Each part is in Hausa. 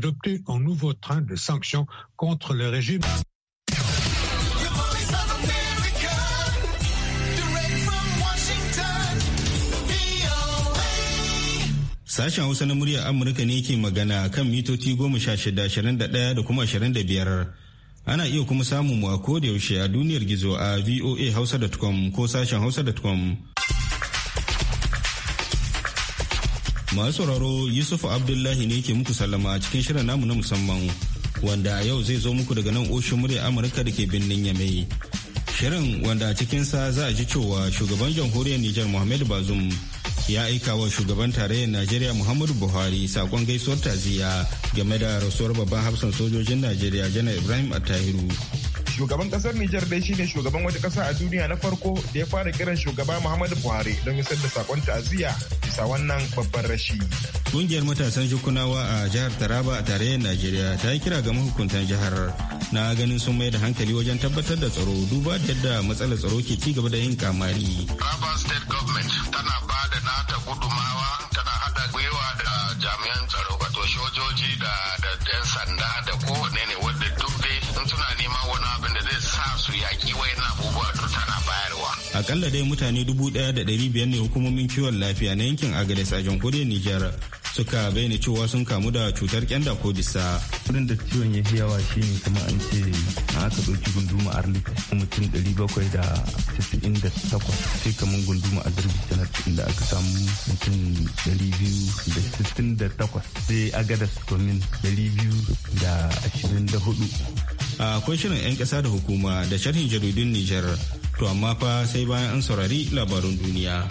d'adopter un nouveau train de sanctions contre le régime. Sashen Hausa na muryar Amurka ne ke magana kan mitoci 16, sha da kuma 25. Ana iya kuma samun mu a koda yaushe a duniyar gizo a voahausa.com ko sashen hausa.com. Masu sauraro Yusuf Abdullahi ne ke muku sallama cikin shirin namu na musamman wanda yau zai zo muku daga nan oshin murya Amurka da ke birnin Yamai. Shirin wanda a cikinsa za a ji cewa shugaban jamhuriyar Nijar Muhammadu Bazum ya aika wa shugaban tarayyar Najeriya Muhammadu Buhari sakon gaisuwar taziya game da rasuwar babban hafsan sojojin Najeriya Janar Ibrahim Attahiru. Shugaban kasar Nijar dai shine shugaban wata kasa a duniya na farko da ya fara kiran shugaba Muhammadu Buhari don isar da sakon ta'aziyya bisa wannan babban rashi. Kungiyar matasan Jukunawa a jihar Taraba a tarayyar Najeriya ta yi kira ga mahukuntan jihar na ganin sun mai da hankali wajen tabbatar da tsaro duba da yadda matsalar tsaro ke ci gaba da yin kamari. Taraba State Government tana ba da nata gudumawa tana hada gwiwa da jami'an tsaro wato sojoji da 'yan sanda da kowane ne wadda duk dai suna neman wani yaƙi wayan abubuwa to tana bayarwa. Akalla dai mutane dubu ɗaya da ɗari biyar ne hukumomin kiwon lafiya na yankin Agadez a jamhuriyar Nijar suka bayyana cewa sun kamu da cutar kyanda ko disa. Wurin da ciwon ya fi yawa shi ne kuma an ce an aka ɗauki gunduma arlik mutum ɗari bakwai da casa'in da takwas sai kamar gunduma azurbi sanat da aka samu mutum ɗari biyu da sittin da takwas sai Agadez komin ɗari biyu da ashirin da hudu akwai shirin 'yan ƙasa da hukuma da sharhin jaridun Nijar to amma fa sai bayan an saurari labarun duniya.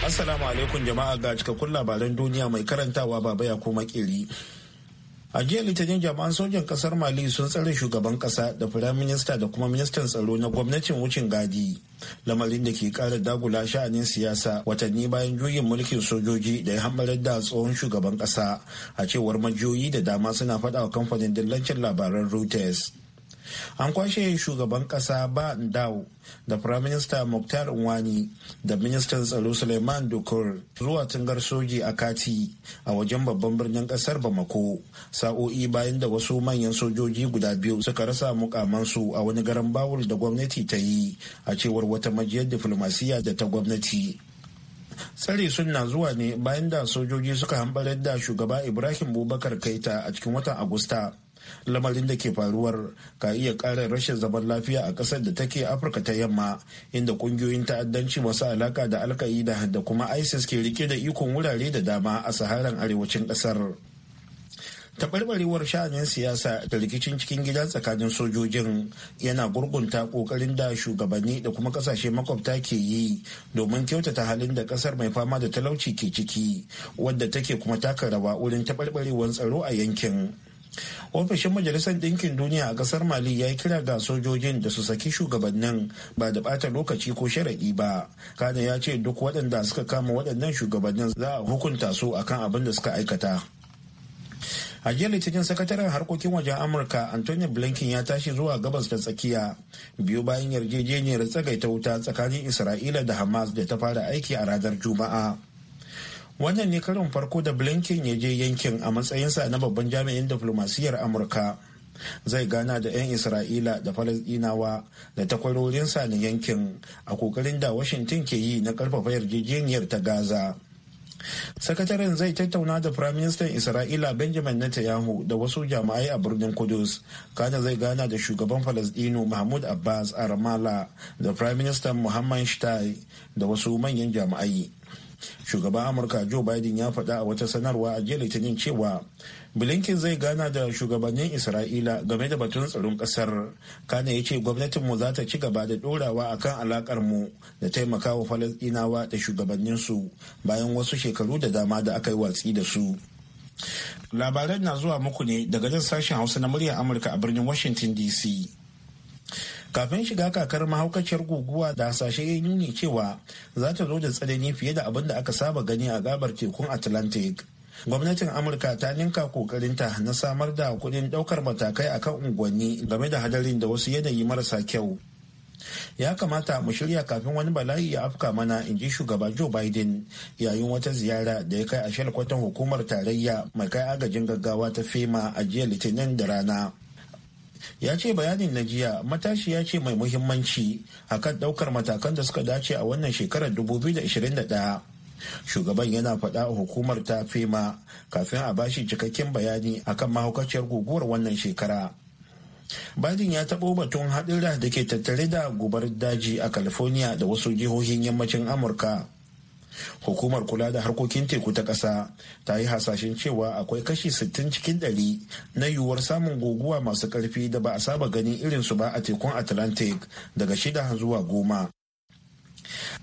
Assalamu alaikum jama'a ga cikakkun labaran duniya mai karantawa baba ya koma kiri. a jiya litinin jami'an sojan kasar mali sun tsare shugaban kasa da firaminista da kuma ministan tsaro na gwamnatin wucin gadi lamarin da ke kara dagula sha'anin siyasa watanni bayan juyin mulkin sojoji da ya hambarar da tsohon shugaban kasa a cewar majiyoyi da dama suna faɗa wa kamfanin dillancin labaran reuters an kwashe shugaban kasa ba ndau da firaminista muktar nwani da ministan tsaro suleiman dukur zuwa tungar soji a kati a wajen babban birnin kasar bamako sa'o'i bayan da wasu manyan sojoji guda biyu suka rasa mukamansu a wani garan bawul da gwamnati ta yi a cewar wata majiyar diflomasiyya da ta gwamnati tsare sun na zuwa ne bayan da sojoji suka hambarar da shugaba ibrahim bubakar kaita a cikin watan agusta lamarin da ke faruwar ka iya ƙara rashin zaman lafiya a ƙasar da take afirka ta yamma inda ƙungiyoyin ta'addanci masu alaka da alka'ida da kuma isis ke rike da ikon wurare da dama a saharan arewacin ƙasar taɓarɓarewar sha'anin siyasa da rikicin cikin gida tsakanin sojojin yana gurgunta ƙoƙarin da shugabanni da kuma ƙasashe makwabta ke yi domin kyautata halin da ƙasar mai fama da talauci ke ciki wadda take kuma taka rawa wurin taɓarɓarewar tsaro a yankin ofishin majalisar ɗinkin duniya a ƙasar mali ya yi kira ga sojojin da su saki shugabannin ba da ɓata lokaci ko sharaɗi ba kada ya ce duk waɗanda suka kama waɗannan shugabannin za a hukunta su akan abin da suka aikata a jiya litinin sakataren harkokin wajen amurka antonio blinken ya tashi zuwa gabas da tsakiya biyu bayan yarjejeniyar tsagaita wuta tsakanin isra'ila da hamas da ta fara aiki a ranar juma'a wannan ne karin farko da blinken ya je yankin a matsayinsa na babban jami'in diflomasiyyar amurka zai gana da 'yan isra'ila da falasdinawa da takwarorinsa na yankin a kokarin da washington ke yi na karfafa yarjejeniyar ta gaza sakataren zai tattauna da firaministan isra'ila benjamin netanyahu da wasu jama'ai a birnin kudus kana zai gana da shugaban falasdino mahmud abbas a ramallah da firaministan muhammad shtai da wasu manyan jama'ai. shugaban amurka joe biden ya faɗa a wata sanarwa a jiya litinin cewa blinken zai gana da shugabannin isra'ila game da batun tsaron ƙasar kana ya ce gwamnatinmu za ta ci gaba da ɗorawa a kan alaƙarmu da taimakawa falasɗinawa da shugabanninsu bayan wasu shekaru da dama da aka yi watsi da su labaran na zuwa muku ne daga nan sashen hausa na muryar amurka a birnin washington dc kafin shiga kakar mahaukaciyar guguwa da hasashe ya nuni cewa za ta zo da tsanani fiye da abin da aka saba gani a gabar tekun atlantic gwamnatin amurka ta ninka kokarinta na samar da kudin daukar matakai akan unguwanni game da hadarin da wasu yanayi marasa kyau ya kamata mu shirya kafin wani bala'i ya afka mana in ji shugaba joe biden yayin wata ziyara da ya kai a shalkwatan hukumar tarayya mai kai agajin gaggawa ta fema a jiya litinin da rana ya ce bayanin na jiya matashi ya ce mai muhimmanci akan daukar matakan da suka dace a wannan shekarar 2021 shugaban yana faɗa a hukumar ta fema kafin a bashi cikakken bayani akan mahaukaciyar guguwar wannan shekara badin ya taɓo batun haɗura da ke tattare da gubar daji a California da wasu jihohin yammacin Amurka hukumar kula da harkokin teku ta ƙasa ta yi hasashen cewa akwai kashi 60 cikin ɗari na yiwuwar samun guguwa masu ƙarfi da ba a saba irin su ba a tekun atlantic daga shida zuwa goma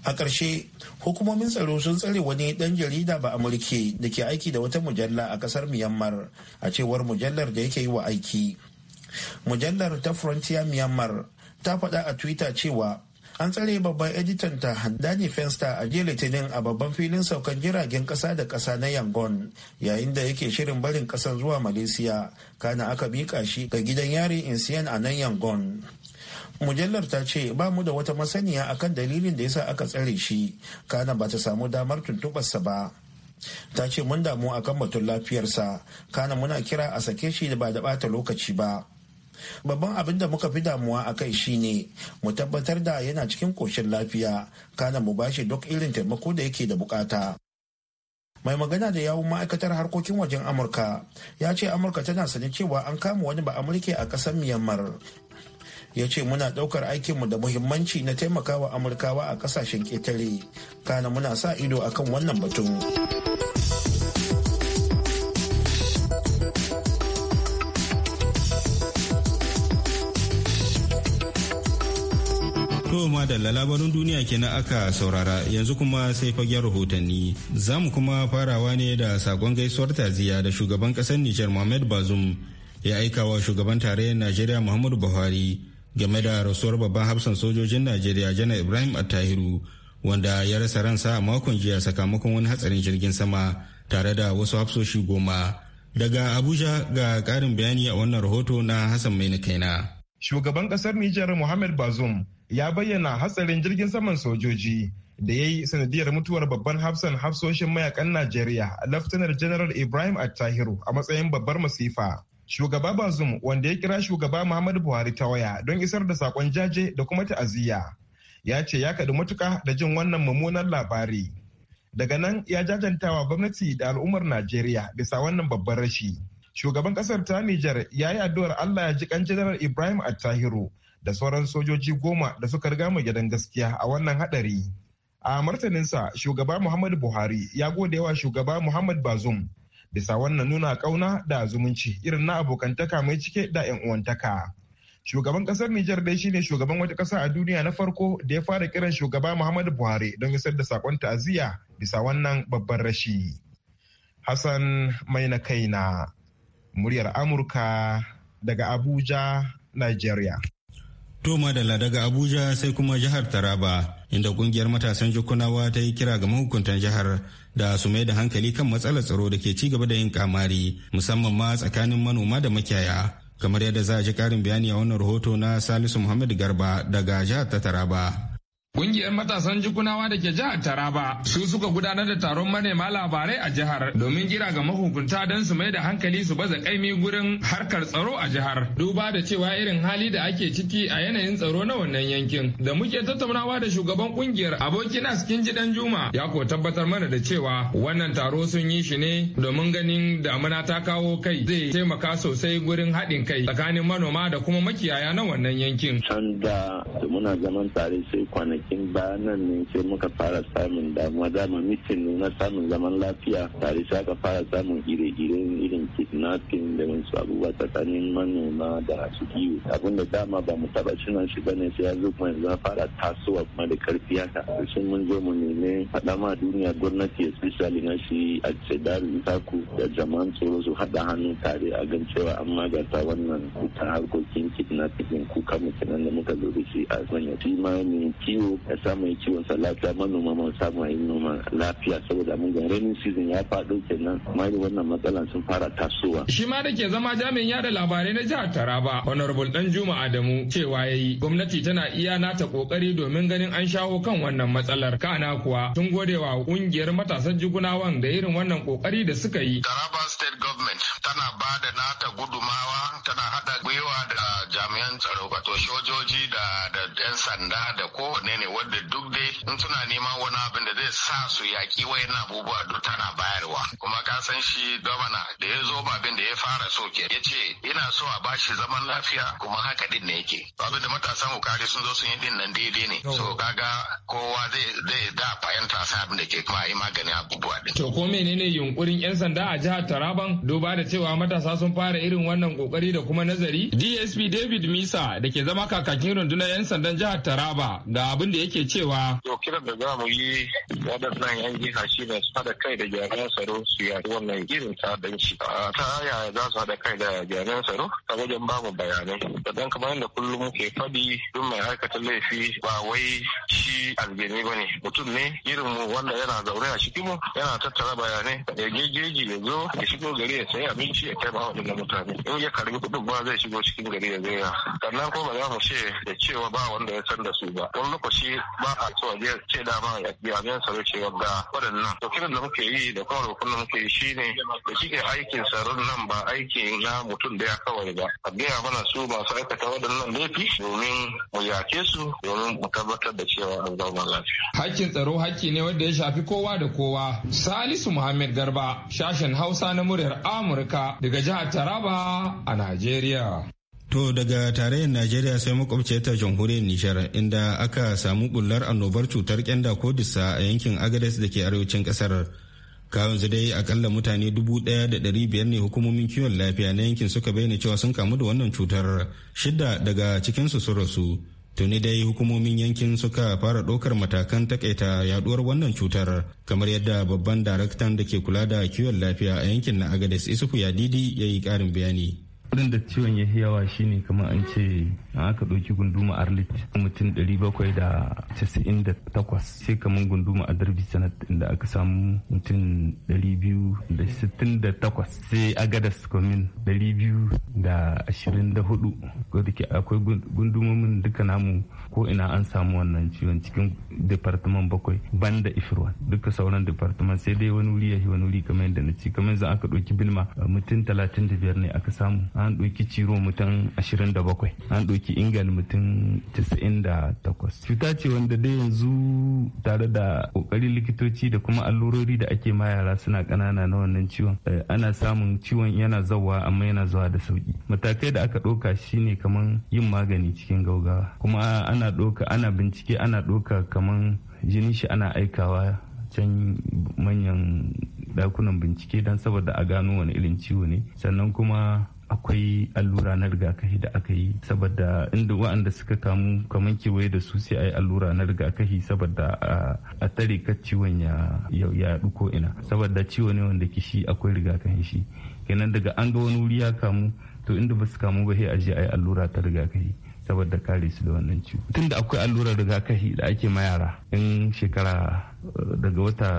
a ƙarshe hukumomin tsaro sun tsare wani ɗan jarida ba amurke da ke aiki da wata mujalla a ƙasar myanmar a cewar mujallar da yake yi wa aiki mujallar ta frontier myanmar ta faɗa a twitter cewa an tsare babban editan ta Dani fensta a jiya Litinin a babban filin saukan jiragen kasa da kasa na Yangon yayin da yake shirin barin kasar zuwa Malaysia kana aka mika shi ga gidan yari insiyan a nan Yangon. Mujallar ta ce ba mu da wata masaniya akan dalilin da yasa aka tsare shi kana ba ta samu damar tuntubarsa ba. Ta ce mun damu akan batun lafiyarsa kana muna kira a sake shi da ba da bata lokaci ba. babban abin da muka fi damuwa a kai shine mu tabbatar da yana cikin koshin lafiya kana mu bashi duk irin taimako da yake da bukata mai magana da yawun ma'aikatar harkokin wajen amurka ya ce amurka tana sani cewa an kama wani ba amurke a ƙasar myanmar ya ce muna ɗaukar aikinmu da muhimmanci na taimakawa amurkawa a ƙasashen ƙetare kana muna sa ido akan wannan batun. To da labarin duniya kenan aka saurara yanzu kuma sai fagen rahotanni. Za mu kuma farawa ne da sakon gaisuwar taziya da shugaban kasar Nijar Mohamed Bazoum ya aika wa shugaban tarayyar Najeriya Muhammadu Buhari game da rasuwar babban hafsan sojojin Najeriya Janar Ibrahim Attahiru wanda ya rasa ransa a makon jiya sakamakon wani hatsarin jirgin sama tare da wasu hafsoshi goma. Daga Abuja ga ƙarin bayani a wannan rahoto na Hassan Maina Kaina. Shugaban ƙasar Nijar Muhammad Bazoum ya bayyana hatsarin jirgin saman sojoji da ya yi sanadiyar mutuwar babban hafsan hafsoshin mayakan Najeriya, Laftanar General Ibrahim Attahiru a matsayin babbar masifa. Shugaba Bazum wanda ya kira shugaba Muhammadu Buhari ta waya don isar da sakon jaje da kuma ta'aziyya. Ya ce ya kaɗi matuka da jin wannan mummunan labari. Daga nan ya jajantawa gwamnati da al'ummar Najeriya bisa wannan babban rashi. Shugaban ƙasar ta Nijar ya yi addu'ar Allah ya ji kan General Ibrahim Attahiru da sauran sojoji goma da suka riga mu gidan gaskiya a wannan hadari. A martaninsa shugaba Muhammadu Buhari ya gode wa shugaba Muhammad Bazum bisa wannan nuna kauna da zumunci irin na abokantaka mai cike da 'yan uwantaka. Shugaban kasar Nijar dai shine shugaban wata kasa a duniya na farko da ya fara kiran shugaba Muhammadu Buhari don isar da sakon ta'aziyya bisa wannan babban rashi. Hassan mai na kaina, muryar Amurka daga Abuja, Nigeria. Toma da daga Abuja sai kuma jihar Taraba inda kungiyar matasan jikunawa ta yi kira ga mahukuntan jihar da su mai da hankali kan matsalar tsaro da ke ci gaba da yin kamari musamman ma tsakanin manoma da makiyaya kamar yadda za a ji karin bayani a wannan rahoto na Salisu Muhammad Garba daga jihar ta Taraba. Ƙungiyar matasan jikunawa da ke jihar Taraba su suka gudanar da taron manema labarai a jihar domin jira ga mahukunta don su mai da hankali su baza kaimi gurin harkar tsaro a jihar. Duba da cewa irin hali da ake ciki a yanayin tsaro na wannan yankin. Da muke tattaunawa da shugaban kungiyar abokin askin jidan Juma ya ko tabbatar mana da cewa wannan taro sun yi shi ne domin ganin damuna ta kawo kai zai taimaka sosai gurin haɗin kai tsakanin manoma da kuma makiyaya na wannan yankin. Can da muna zaman tare sai kwanaki kwanakin bayanan ne sai muka fara samun damuwa dama mitin na samun zaman lafiya tare sai aka fara samun ire-iren irin kidnapping da wasu abubuwa tsakanin manoma da su kiwo abin da dama ba mu taba cinan shi bane sai ya zo kuma yanzu fara tasowa kuma da karfi haka sun mun zo mu nemi faɗa ma duniya gwamnati especially na shi a da jama'an tsoro su haɗa hannu tare a gan cewa an magata wannan ta harkokin kidnapping kuka mutanen da muka zo da shi a sanya shi ma ne kiwo samu mai yi kiwon sa lafiya manoma ma samu yi noma lafiya saboda mun ga rainin season ya faɗo kenan amma wannan matsalan sun fara tasowa. Shi ma da ke zama jami'in yada labarai na jihar Taraba Honorable Dan Juma Adamu cewa yayi gwamnati tana iya nata kokari domin ganin an shawo kan wannan matsalar kana kuwa tun godewa ƙungiyar matasan jigunawan da irin wannan kokari da suka yi. Taraba State Government tana ba da nata gudumawa tana hada gwiwa da jami'an tsaro wato sojoji da 'yan sanda da kowane ne wadda duk dai in suna neman wani abin da zai sa su yaƙi wayan abubuwa duk tana bayarwa kuma ka san shi gwamna da ya zo ba abin da ya fara so ke ya ce ina so a bashi zaman lafiya kuma haka din ne yake abin da matasan bukari sun zo sun yi din nan daidai ne so kaga kowa zai da fahimta sa abin da ke kuma yi maganin abubuwa din. to ko menene yunkurin yan sanda a jihar taraban duba da cewa matasa sun fara irin wannan kokari da kuma nazari dsp david misa da ke zama kakakin rundunar yan sandan jihar taraba ga abin da yake cewa. To kiran da za mu yi waɗannan yan jiha shi ne su haɗa kai da jami'an tsaro su yaƙi wannan irin ta'addanci. Ta yaya za su haɗa kai da jami'an tsaro ta wajen ba mu bayanai. dan kamar yadda kullum muke faɗi duk mai aikata laifi ba wai shi aljini ba ne mutum ne irin mu wanda yana zaune a cikin mu yana tattara bayanai ya je jeji ya zo ya shigo gari ya sayi abinci ya kai ma waɗannan mutane. In ya karbi kuɗin ba zai shigo cikin gari ya zai ya. Sannan ko ba za mu ce da cewa ba wanda ya san da su ba. Wani lokaci shi ba a so a ce da a biya biyan tsaro ce ga waɗannan. To kiran da muke yi da kuma rukun da muke yi shi ne da shi ke aikin tsaron nan ba aikin na mutum da ya kawai ba. A gaya mana su masu aikata waɗannan laifi domin mu yake su domin mu tabbatar da cewa an zauna lafiya. Hakkin tsaro hakki ne wanda ya shafi kowa da kowa. Salisu Muhammad Garba, sashen Hausa na muryar Amurka daga jihar Taraba a Najeriya. To daga tarayyar Najeriya sai ta jamhuriyar Nijar inda aka samu bullar annobar cutar kyanda ko disa a yankin Agades da ke arewacin kasar. Kawun dai akalla mutane dubu ɗaya da ɗari biyar ne hukumomin kiwon lafiya na yankin suka bayyana cewa sun kamu da wannan cutar shida daga cikinsu sun rasu. Tuni dai hukumomin yankin suka fara ɗaukar matakan takaita yaduwar wannan cutar kamar yadda babban daraktan da ke kula da kiwon lafiya a yankin na Agades Isufu Yadidi ya yi ƙarin bayani. wurin da ciwon ya yawa shine kamar an ce an aka ɗauki gunduma arlit mutum 798 sai kamar gunduma a darbi sanat inda aka samu mutum 268 sai agadas komin 224 ko da akwai gundumomin duka namu ko ina an samu wannan ciwon cikin departament bakwai banda ifirwan duka sauran departament sai dai wani wuri ya wani wuri kamar yadda na ci kamar yanzu aka ɗauki bilma mutum 35 ne aka samu an ɗauki ciro mutum 27 an ɗauki ke ingal mutum 98 cuta ce wanda dai yanzu tare da kokarin likitoci da kuma allurori da ake ma yara suna kanana na wannan ciwon eh, ana samun ciwon yana zawa amma yana zuwa da sauki matakai da aka ɗauka shine kaman yin magani cikin gaugawa kuma ana ɗauka ana bincike ana ɗauka kaman jini shi ana aikawa can manyan dakunan bincike don saboda a gano wani irin ciwo ne sannan kuma akwai allura na rigakafi da aka yi saboda inda waɗanda suka kamu kamar kewaye da su sai a yi allura na rigakafi saboda a tare ka ciwon ya yaɗu ko ina saboda ciwo ne wanda ki shi akwai rigakafin shi kenan daga an ga wani wuri ya kamu to inda ba su kamu ba sai a je a yi allura ta rigakafi saboda kare su da wannan ciwo tunda akwai allurar rigakafi da ake ma yara in shekara eh, daga wata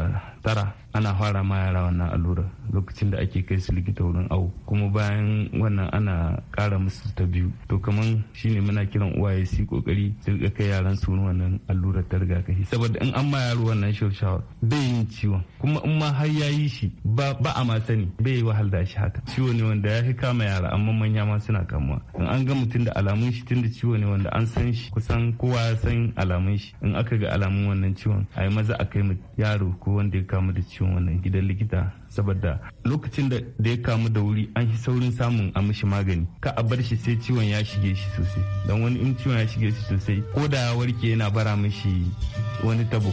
tara ana fara ma yara wannan allura lokacin da ake kai su likita wurin awo kuma bayan wannan ana kara musu ta biyu to kaman shine muna kiran uwaye su kokari su rika kai yaran su wannan allurar ta rigakafi saboda in an ma yaro wannan shawar bai yin ciwon kuma in ma har ya yi shi ba a ma sani bai yi wahal da shi haka ciwo ne wanda ya fi kama yara amma manya ma suna kamuwa in an ga mutum da alamun shi tunda ciwo ne wanda an san shi kusan kowa ya san alamun shi in aka ga alamun wannan ciwon a yi maza a kai yaro ko wanda kamu da ciwon wannan gidan likita saboda lokacin da ya kamu da wuri an yi saurin samun a mishi magani ka a bar shi sai ciwon ya shige shi sosai don wani in ciwon ya shige shi sosai ko da ya warke yana bara mishi wani tabo.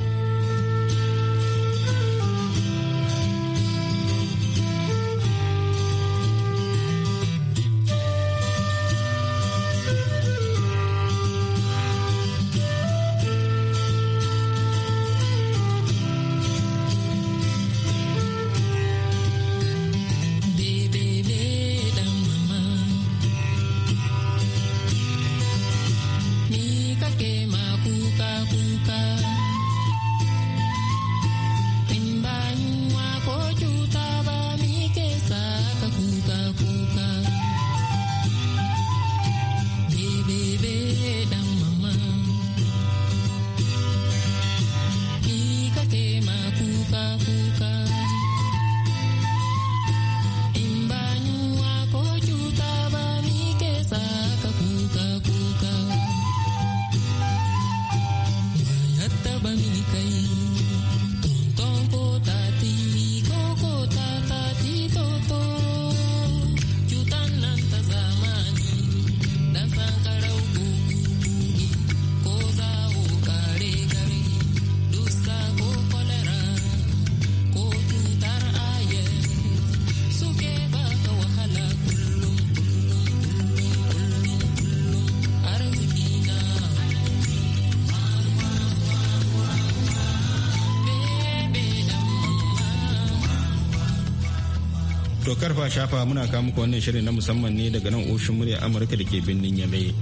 karfa shafa muna kamuka wannan shirin na musamman ne daga nan ofishin murya amurka da ke birnin yamai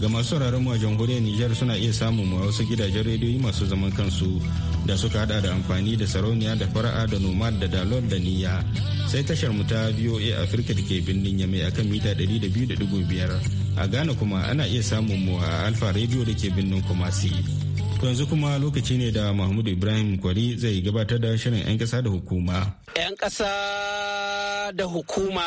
ga masu sauraron mu a jamhuriyar Nijar suna iya samun mu a wasu gidajen rediyoyi masu zaman kansu da suka hada da amfani da sarauniya da fara'a da nomad da dalol da niyya sai tashar mu ta VOA afirka da ke birnin a kan mita ɗari 200.5 a Ghana kuma ana iya samun mu a Alfa Radio da ke birnin Kumasi To yanzu kuma lokaci ne da Mahmud Ibrahim Kwari zai gabatar da shirin 'yan kasa da hukuma. 'Yan kasa da hukuma.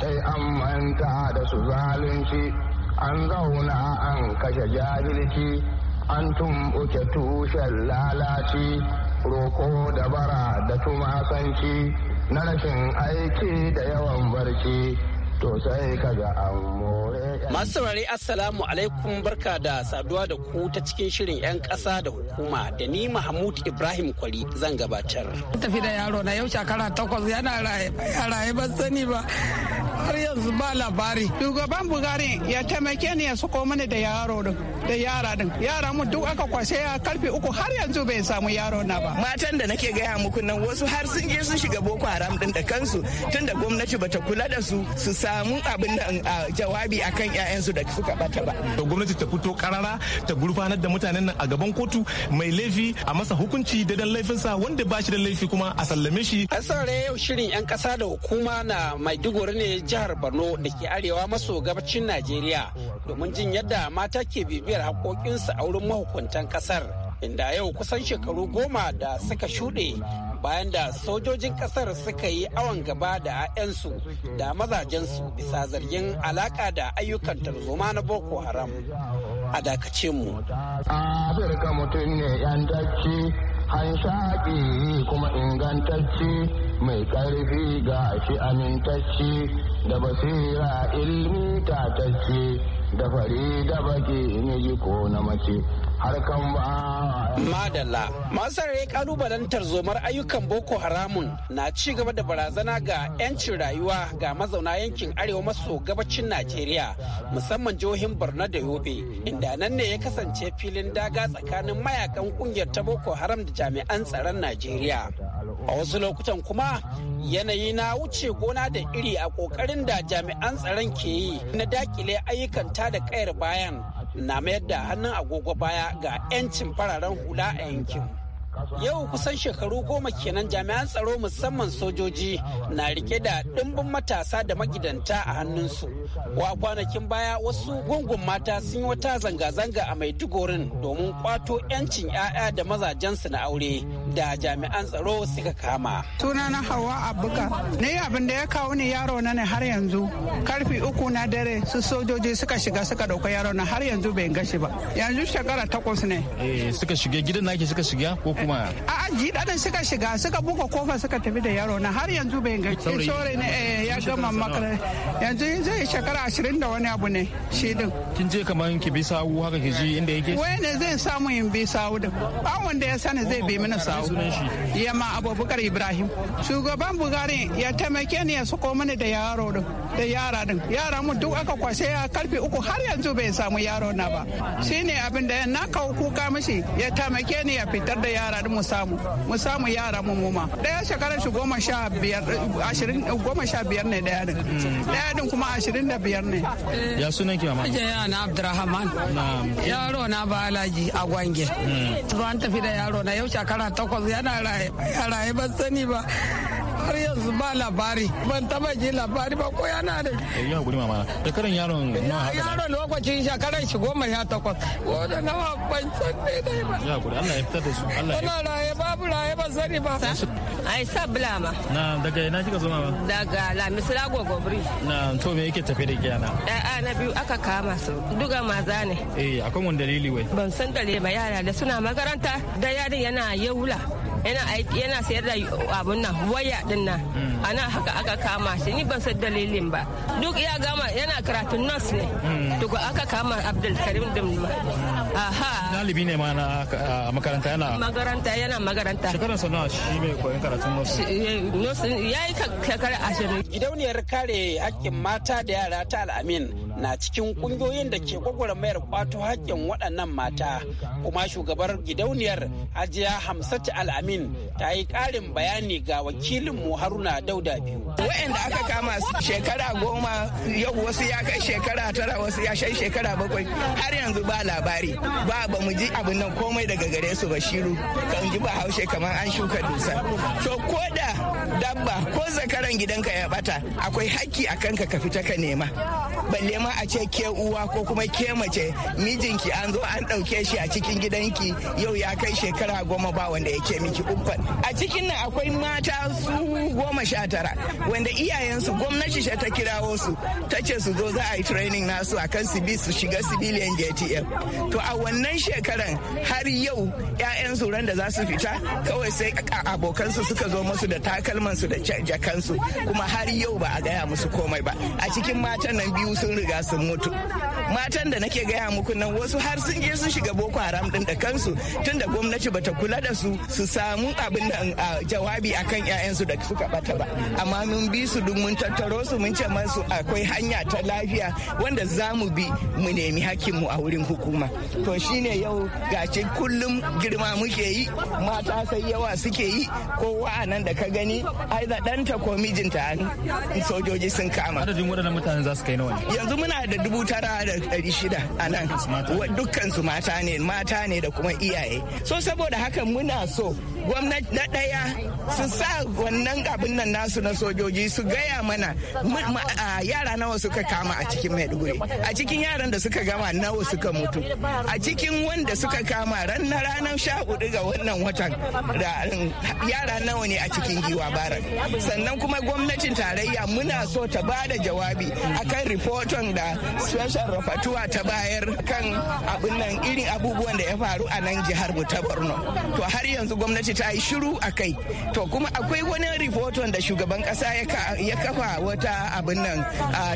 Sai an manta da su zalunci, an zauna an kashe jahilci, an tumɓuke tushen lalaci, roko da bara da tumasanci, na rashin aiki da yawan barci. to sai Masu saurari Assalamu alaikum barka da saduwa da ku ta cikin shirin 'yan kasa da hukuma da ni Mahmud Ibrahim Kwari zan gabatar. Tafi da yaro na yau shekara takwas yana raye ba sani ba har yanzu ba labari. Shugaban Bugari ya taimake ni ya sako mana da yaro din da yara din. Yara mu duk aka kwashe ya karfe uku har yanzu bai samu yaro na ba. Matan da nake gaya muku nan wasu har sun je sun shiga Boko Haram din da kansu tunda gwamnati bata kula da su su sa samu abin nan ah, jawabi akan yayansu da suka bata ba to gwamnati ta fito karara ta gurfanar da mutanen nan a gaban kotu mai laifi a masa hukunci da dan laifinsa wanda ba shi da laifi kuma a sallame shi asare yau shirin yan kasa da hukuma na maiduguri ne jihar borno da ke arewa maso gabacin najeriya domin jin yadda mata ke bibiyar haƙoƙinsu a wurin mahukuntan ƙasar inda yau kusan shekaru goma da suka shuɗe bayan da sojojin kasar suka yi awon gaba da 'ya'yansu da mazajensu bisa zargin alaka da ayyukan tarzoma na boko haram a dakace mu afirka mutum ne yantacci hanshaƙi kuma ingantacci mai ƙarfi ga shi amintacci da basira ilmi tatacci da fari da baki ne ko na mace harkan ba. Madalla, masarare kalubalen tarzomar ayyukan Boko Haramun na ci gaba da barazana ga 'yancin rayuwa ga mazauna yankin arewa maso gabacin Najeriya musamman jihohin Borno da Yobe, inda nan ne ya kasance filin daga tsakanin mayakan kungiyar ta Boko Haram da jami'an tsaron Najeriya. A wasu lokutan kuma yanayi na wuce gona da iri a ƙoƙarin da jami'an tsaron ke yi na dakile ayyukan ta da kayar bayan na mayar da hannun agogo baya ga 'yancin fararen hula a yankin yau kusan shekaru goma kenan jami'an tsaro musamman sojoji na rike da ɗimbin matasa da magidanta a hannunsu wa kwanakin baya wasu gungun mata sun yi wata zanga-zanga a maidugurin domin kwato 'yancin 'ya'ya da mazajensu na aure da jami'an tsaro suka kama suna na hawa abuka ne abin da ya kawo ni yaro na ne har yanzu karfi uku na dare su sojoji suka shiga suka dauka yaro na har yanzu bai gashi ba yanzu shekara takwas ne eh, suka shiga gidan nake suka shiga ko kuma a an ji dadan suka shiga suka buka kofa suka tafi da yaro na har yanzu bai ga tsore eh, ne eh, ya gama makara yanzu zai shekara ashirin da wani abu ne shi din kin je kaman ki bi sawu haka ki ji inda yake wai ne zai samu in bi sawu din ba wanda ya sani zai bi mini sawu yamma abubakar ibrahim shugaban bugari ya taimake ni ya suko mini da yaro din da yara din yara mu duk aka kwashe ya karfe uku har yanzu bai samu yaro na ba shine abin da na kawo kuka mishi ya taimake ni ya fitar da yara din mu samu mu samu yara mu muma daya shekarar shi goma sha biyar ashirin goma sha biyar ne daya din daya din kuma ashirin da biyar ne ya sunan ki mama ya na abdurrahman yaro na ba alaji a gwange hmm. an tafi da yaro na yau shekara takwas yana raye ba sani ba har yanzu ba labari ban taba ji labari ba ko yana da eh, yi guri mama da karin yaron na haka yaron lokacin shekaran shi goma sha takwas ko da nawa ban san ne dai ba ya guri Allah ya fitar da su Allah ya ya babu raye ba sani ba ai sa ma. na daga ina kika zo mama daga misra gogo bri na to me yake tafe da kiyana a na biyu aka kama su duga maza ne eh akwai wani dalili wai ban san dalili ba yara da suna makaranta da yarin yana yawula yana yana sayar da abun nan waya din nan hmm. ana haka aka kama shi ni ban san dalilin ba duk ya gama yana karatun nurse ne duk hmm. aka kama abdul karim din ma hmm. aha dalibi ne ma na makaranta yana makaranta yana makaranta shekaran sa nawa shi mai koyon karatun nurse eh, nurse yayi shekara 20 gidauniyar kare hakkin mata da yara ta al'amin na cikin kungiyoyin da ke gwagwarmayar kwato hakkin waɗannan mata kuma shugabar gidauniyar ajiya hamsatu al'amin ta yi ƙarin bayani ga wakilin mu haruna dauda biyu waɗanda aka kama shekara goma yau wasu ya kai shekara tara wasu ya shai shekara bakwai har yanzu ba labari ba ba mu ji abin nan komai daga gare su ba shiru kan ji ba haushe kamar an shuka dusa to ko da dabba ko zakaran gidanka ya bata akwai haƙƙi a kanka ka fita ka nema balle ma a ce ke uwa ko kuma ke mace mijinki an zo an ɗauke shi a cikin gidanki yau ya kai shekara goma ba wanda ya ke miki uffan a cikin nan akwai mata su goma sha tara wanda iyayensu gwamnati sha ta kirawo su ta ce su zo za a yi training nasu a kan bi su shiga civilian jtf to a wannan shekaran har yau ƴaƴansu ran da za su fita kawai sai abokansu suka zo musu da takalmansu da jakansu kuma har yau ba a gaya musu komai ba a cikin matan nan biyu sun riga riga sun mutu matan da nake gaya muku nan wasu har sun je sun shiga boko haram din da kansu tunda gwamnati bata kula da su su samu abin nan jawabi akan su da suka bata ba amma mun bi su duk mun tattaro su mun ce masu akwai hanya ta lafiya wanda za mu bi mu nemi hakkin mu a wurin hukuma to shine yau gashi kullum girma muke yi mata sai yawa suke yi kowa a nan da ka gani ai da ɗanta ko mijinta sojoji sun kama adadin waɗannan mutane za su kai nawa yanzu muna da dubu tara da ɗari shida a nan dukkan su mata ne mata ne da kuma iyaye so saboda haka muna so gwamnati na ɗaya su sa wannan abin nan nasu na sojoji su gaya mana yara nawa suka kama a cikin maiduguri a cikin yaran da suka gama nawa suka mutu a cikin wanda suka kama ran na ranar sha hudu ga wannan watan um, yara nawa ne a cikin giwa baran sannan kuma gwamnatin tarayya muna so ta ba da jawabi akan rifoton da special rafatuwa ta bayar kan abin nan irin abubuwan da ya faru a nan jihar mu ta borno to har yanzu gwamnati ta yi shiru a kai to kuma akwai wani rifoton da shugaban kasa ya kafa wata abin nan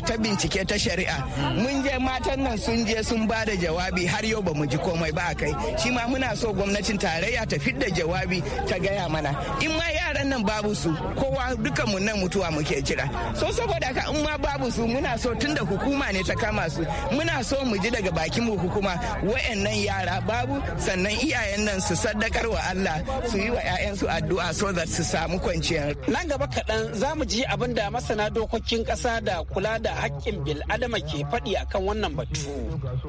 ta bincike ta shari'a mun je matan nan sun je sun ba da jawabi har yau ba mu ji komai ba a kai shi ma muna so gwamnatin tarayya ta fidda jawabi ta gaya mana in ma yaran nan babu su kowa dukanmu nan mutuwa muke jira so saboda ka in ma babu su muna so tunda hukuma mutane ta kama su muna so mu ji daga bakin mu hukuma wayannan yara babu sannan iyayen nan su saddakar wa Allah su yi wa 'ya'yansu addu'a so da su samu kwanciyar nan gaba kaɗan za mu ji abin da masana dokokin ƙasa da kula da haƙƙin bil'adama ke faɗi akan wannan batu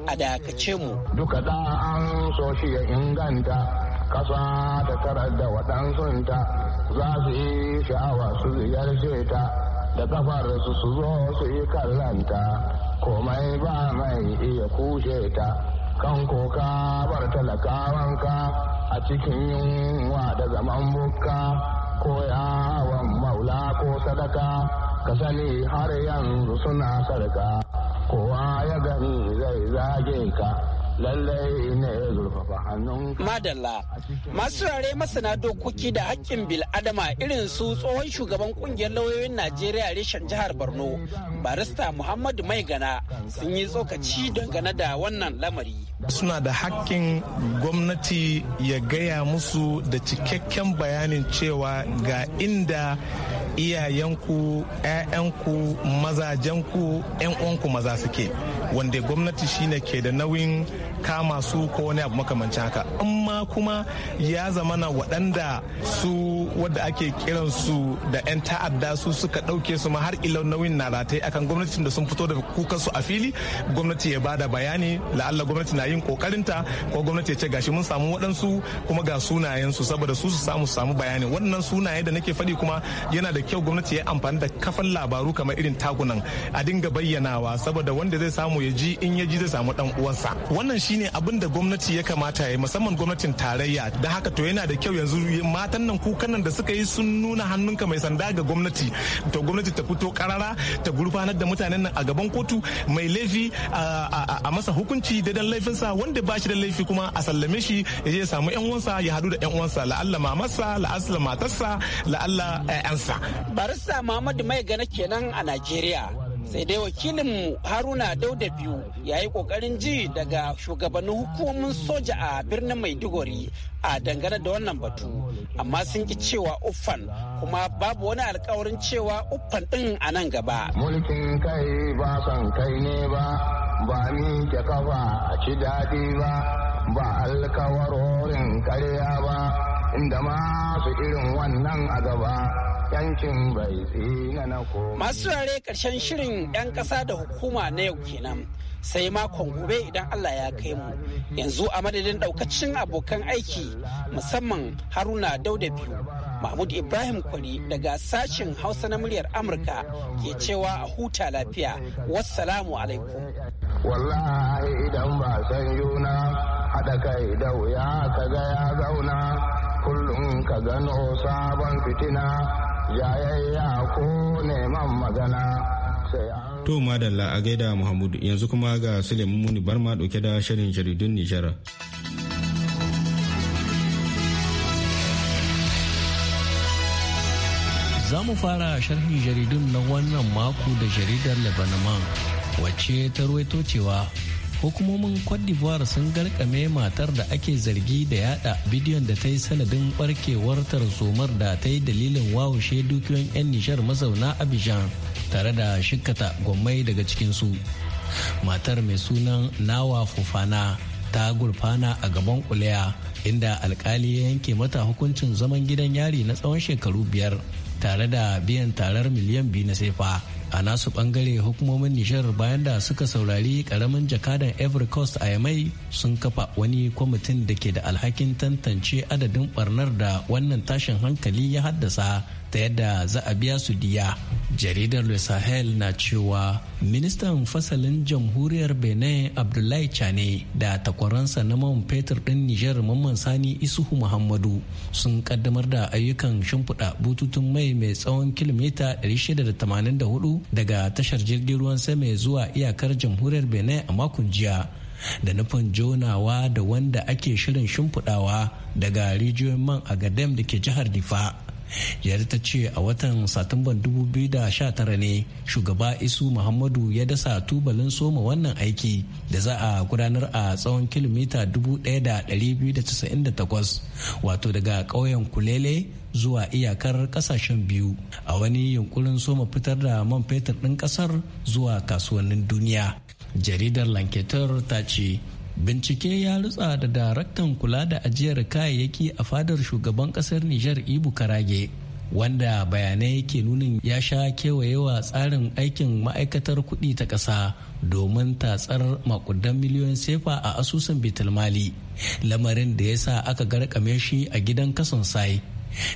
a ce mu duka da an so shi ya inganta ƙasa ta tarar da waɗansunta za su yi sha'awa su ziyarce ta da kafar su su zo su yi kallanta komai ba mai iya kushe ta kan koka bar talakawanka a cikin yunwa da zaman ko yawon maula ko sadaka ka sani har yanzu suna sarka kowa ya gani zai zage ka madalla masu rare masana dokoki da hakkin bil'adama irin su tsohon shugaban kungiyar lauyoyin najeriya reshen jihar borno barista muhammadu maigana sun yi tsokaci gana da wannan lamari suna da hakkin gwamnati ya gaya musu da cikakken bayanin cewa ga inda iyayenku 'ya'yanku mazajenku 'yan uwanku maza suke wanda gwamnati shine ke da nauyin kama su ko wani abu makamancin haka amma kuma ya zamana waɗanda su wadda ake kiran su da 'yan ta'adda su suka ɗauke su ma har ilau nauyin na ratai akan gwamnatin da sun fito da kukan su a fili gwamnati ya bada bayani la'alla gwamnati na yin kokarinta ko gwamnati ya ce gashi mun samu waɗansu kuma ga sunayen su saboda su su samu samu bayani wannan sunaye da nake faɗi kuma yana da kyau gwamnati ya amfani da kafan labaru kamar irin tagunan a dinga bayyanawa saboda wanda zai samu ya ji in ya ji zai samu dan uwansa wannan shine abin da gwamnati ya kamata ya yi musamman gwamnatin tarayya da haka to yana da kyau yanzu matan nan kukan nan da suka yi sun nuna hannunka mai sanda ga gwamnati to gwamnati ta fito karara ta gurfanar da mutanen nan a gaban kotu mai laifi a masa hukunci da dan laifinsa wanda ba shi da laifi kuma a sallame shi ya je samu yan uwansa ya hadu da yan uwansa la'alla mamarsa la'asla matarsa la'alla ƴaƴansa barista Muhammadu mai gana kenan a Najeriya sai dai wakilinmu haruna dauda biyu ya yi kokarin ji daga shugabannin hukumomin soja a birnin maiduguri a dangane da wannan batu amma sun ki cewa uffan kuma babu wani alkawarin cewa uffan din a nan gaba mulkin kai ba san kai ne ba ba ni ke kafa a ci daɗi ba ba alkawarorin karya ba inda masu irin wannan a gaba yancin bai tsina na koma. Masu rare karshen shirin 'yan ƙasa da hukuma na yau kenan. Sai makon gobe idan Allah ya kai mu. Yanzu a madadin daukacin abokan aiki musamman Haruna Dauda biyu. Mahmud Ibrahim Kwari daga sashen Hausa na muryar Amurka ke cewa a huta lafiya. Wassalamu alaikum. Wallahi idan ba san yuna haɗa kai da wuya ka ga ya zauna kullum ka gano sabon fitina yayayya ko neman magana To madalla a gaida Muhammadu yanzu kuma ga Suleiman Muni Barma dauke da shirin jaridun Nijar. Za mu fara sharhin jaridun na wannan mako da jaridar Lebanon wacce ta ruwaito cewa hukumomin cote d'ivoire sun garkame matar da ake zargi da yada bidiyon da ta yi sanadin barkewar tarzomar da ta yi dalilin wawushe dukiyoyin 'yan nishar mazauna abidjan tare da shikata gwammai daga cikinsu matar mai sunan nawa fufana ta gurfana a gaban kuliya inda alkali ya yanke mata hukuncin zaman gidan yari na tsawon shekaru biyar tare da biyan tarar miliyan biyu na sefa. a nasu bangare hukumomin nishar bayan da suka saurari karamin jakadan every coast a yamai sun kafa wani kwamitin da ke da alhakin tantance adadin barnar da wannan tashin hankali ya haddasa ta yadda za a biya su diya jaridar le sahel na cewa ministan fasalin jamhuriyar benin abdullahi chane da takwaransa na man fetur ɗin nijar mamman sani isuhu muhammadu sun kaddamar da ayyukan shimfiɗa bututun mai mai tsawon kilomita 684 daga tashar jirgin ruwan sama zuwa iyakar jamhuriyar benin a makon jiya da nufin jonawa da wanda ake shirin shimfiɗawa daga rijiyoyin man agadem da ke jihar difa Yadda ta ce a watan satumban 2019 ne shugaba isu muhammadu ya dasa tubalin soma wannan aiki da za a gudanar a tsawon kilomita 1298 wato daga ƙauyen kulele zuwa iyakar ƙasashen biyu a wani yunkurin soma fitar da man fetur ɗin ƙasar zuwa kasuwannin duniya jaridar lanketer ta ce bincike ya rutsa da daraktan kula da ajiyar kayayyaki a fadar shugaban kasar nijar ibu karage wanda bayanai ke nunin ya sha kewayewa tsarin aikin ma'aikatar kudi ta ƙasa domin tatsar makudan miliyoyin sefa a asusun bitilmali lamarin da ya sa aka garkame shi a gidan kasan sai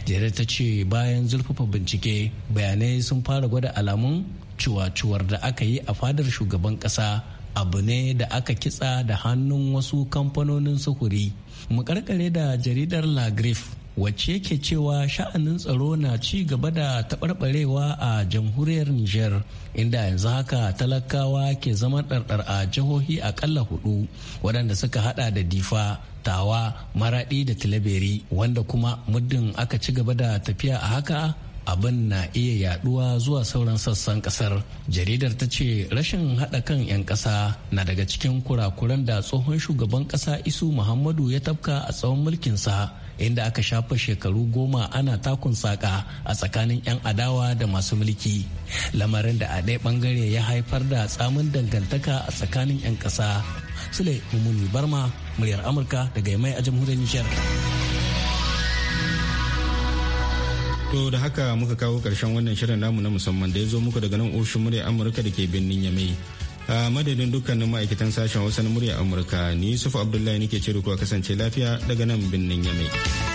jere ta ce bayan zurfafa bincike bayanai sun fara gwada alamun cuwa-cuwar da aka yi a fadar shugaban ƙasa abu ne da aka kitsa da hannun wasu kamfanonin sufuri mu karkare da jaridar La Grif, wacce yake cewa sha'anin tsaro na ci gaba da taɓarɓarewa a jamhuriyar niger inda yanzu haka talakawa ke zama ɗarɗar a jihohi akalla hudu waɗanda suka haɗa da difa tawa maraɗi da tilaberi wanda kuma muddin aka ci gaba da tafiya a haka abin na iya yaduwa zuwa sauran sassan kasar jaridar ta ce rashin haɗa kan 'yan ƙasa na daga cikin kurakuran da tsohon shugaban ƙasa isu muhammadu ya tafka a tsawon mulkinsa inda aka shafa shekaru goma ana takun saƙa a tsakanin 'yan adawa da masu mulki lamarin da a ɗaya ɓangare ya haifar da tsamin dangantaka a tsakanin 'yan ƙasa sule mummuni barma muryar amurka daga mai a jamhuriyar nijar To da haka muka kawo karshen wannan shirin namu na musamman da ya zo muku daga nan ofishin murya Amurka da ke birnin Yamai. A madadin dukkanin ma'aikatan sashen wasan murya Amurka ni Yusuf Abdullahi nake ce da kuwa kasance lafiya daga nan birnin Yamai.